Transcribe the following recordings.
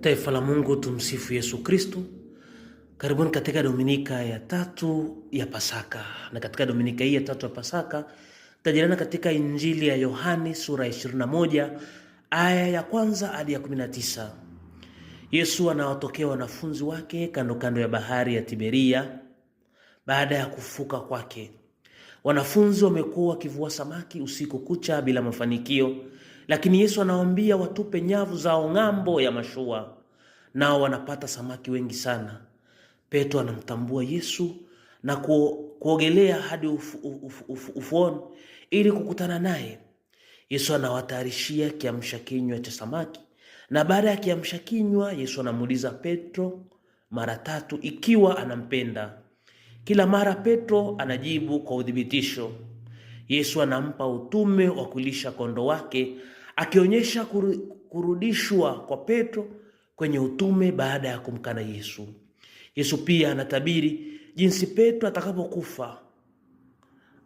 Taifa la Mungu, tumsifu Yesu Kristo. Karibuni katika dominika ya tatu ya Pasaka, na katika dominika hii ya tatu ya Pasaka tutajaliana katika Injili ya Yohani sura ya 21 aya ya kwanza hadi ya 19. Yesu anawatokea wanafunzi wake kando kando ya bahari ya Tiberia baada ya kufuka kwake. Wanafunzi wamekuwa wakivua samaki usiku kucha bila mafanikio, lakini Yesu anawaambia watupe nyavu zao ng'ambo ya mashua, nao wanapata samaki wengi sana. Petro anamtambua Yesu na kuogelea hadi ufuoni ili kukutana naye. Yesu anawatayarishia kiamsha kinywa cha samaki, na baada ya kiamsha kinywa Yesu anamuuliza Petro mara tatu ikiwa anampenda. Kila mara Petro anajibu kwa uthibitisho. Yesu anampa utume wa kulisha kondo wake, akionyesha kurudishwa kwa Petro kwenye utume baada ya kumkana Yesu. Yesu pia anatabiri jinsi Petro atakapokufa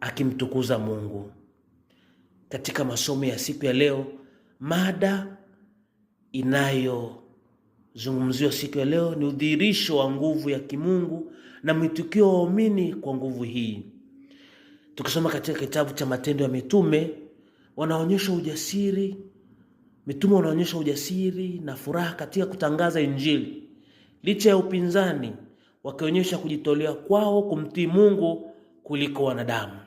akimtukuza Mungu. Katika masomo ya siku ya leo, mada inayozungumziwa siku ya leo ni udhihirisho wa nguvu ya kimungu na mwitikio wa waumini kwa nguvu hii tukisoma katika kitabu cha Matendo ya Mitume wanaonyesha ujasiri, mitume wanaonyesha ujasiri na furaha katika kutangaza Injili licha ya upinzani, wakionyesha kujitolea kwao kumtii Mungu kuliko wanadamu.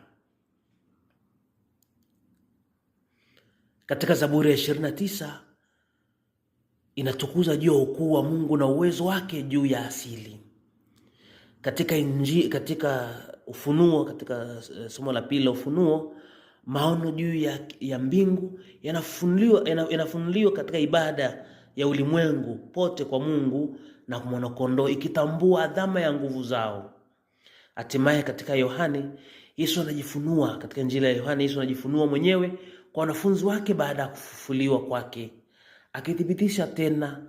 Katika Zaburi ya 29 inatukuza juu ya ukuu wa Mungu na uwezo wake juu ya asili katika inji, katika Ufunuo, katika eh, somo la pili la Ufunuo, maono juu ya, ya mbingu yanafunuliwa katika ibada ya ulimwengu pote kwa Mungu na mwanakondoo, ikitambua adhama ya nguvu zao. Hatimaye katika Yohane Yesu anajifunua katika njira ya Yohane, Yesu anajifunua mwenyewe kwa wanafunzi wake baada ya kufufuliwa kwake, akithibitisha tena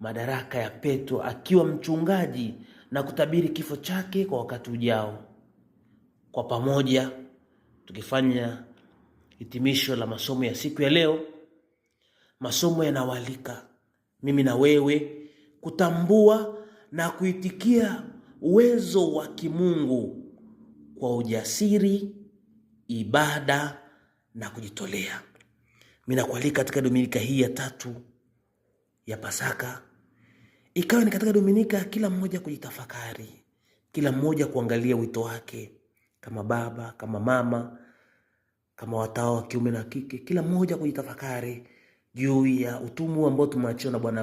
madaraka ya Petro akiwa mchungaji na kutabiri kifo chake kwa wakati ujao. Kwa pamoja tukifanya hitimisho la masomo ya siku ya leo, masomo yanawalika mimi na wewe kutambua na kuitikia uwezo wa kimungu kwa ujasiri, ibada na kujitolea. Mimi nakualika katika dominika hii ya tatu ya Pasaka Ikawa ni katika Dominika kila mmoja kujitafakari, kila mmoja kuangalia wito wake kama baba, kama mama, kama watawa wa kiume na kike, kila mmoja kujitafakari juu ya utumwa ambao tumeachiwa na Bwana.